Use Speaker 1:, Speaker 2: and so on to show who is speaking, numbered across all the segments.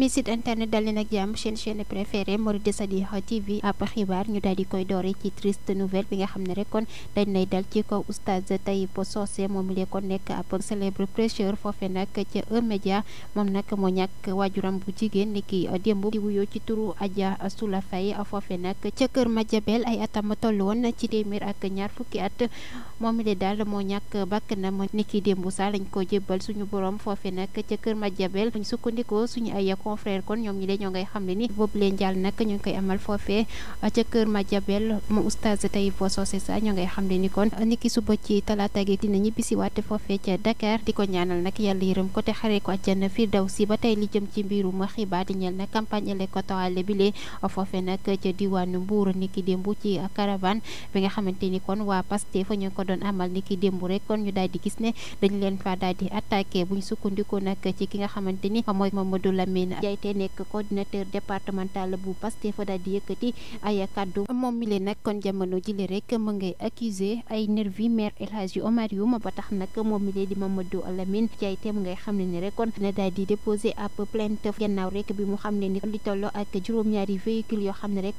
Speaker 1: ami site internet dal leen ak jàmm seen chaîne préférée Moride Sadikh TV ab xibaar ñu daal koy doore ci triste nouvelle bi nga xam ne rek kon dañ lay dal ci kaw oustaz Tayib Socé moom lee ko nekk ab célèbre prêcheur foofe nag ca E-Media moom nag moo ñàkk waajuram bu jigéen ni ki démb di yow ci turu Adja Soula fay foofe nag ca kër Madiabel ay atam toll woon ci téeméer ak ñaar fukki at moom lee dal moo ñàkk bàkkanam ni ki démb sax lañ ko jébbal suñu borom foofe nag ca kër Madiabel buñ sukkandikoo suñu ay confrère kon ñoom ñi de ñoo ngay xam ne ni boobu leen jàll nag ñu ngi koy amal foofee uh, ca kër Madiabel mu oustaz Taïb Socé sa ñoo ngay xam ne ni kon uh, niki suba ci talaata gi dina ñibbisiwaat foofee ca Dakar di ko ñaanal nag yàlla yërëm ko te xaree ko àjjana fii daw si ba tey li ci mbirum xibaar di ñeel nag campagne électorale bi lee uh, foofee nag ca diwaanu Mbour niki démb ci caravane bi nga xamante ni kon waa Pastef fa ñu ko doon amal niki démb rek kon ñu daal gis ne dañu leen fa daal di attaqué bu Diayte nekk coordinateur départemental bu Pastef daal mu ngay xam ne ni rek kon na daal di déposé ab plainte gannaaw rek bi mu xam ne ni yoo xam ne rek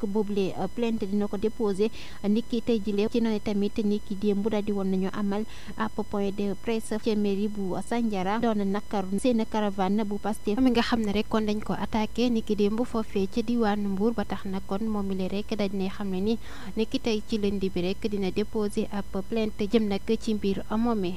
Speaker 1: kon dañ plainte dina ko déposé niki tey jile ci noonu tamit niki démb daal di woon nañu amal jàpp point de presse ca mairie bu Sandiara doon nakaru seen caravane bu Pastef mi nga xam ne rek kon dañ ko attaqué niki bu foofee ca diwaanu Mbour ba tax na kon moom mi rek dañ ne xam ne ni niki tey ci lundi bi rek dina déposer ab plainte jëm nag ci mbir moomee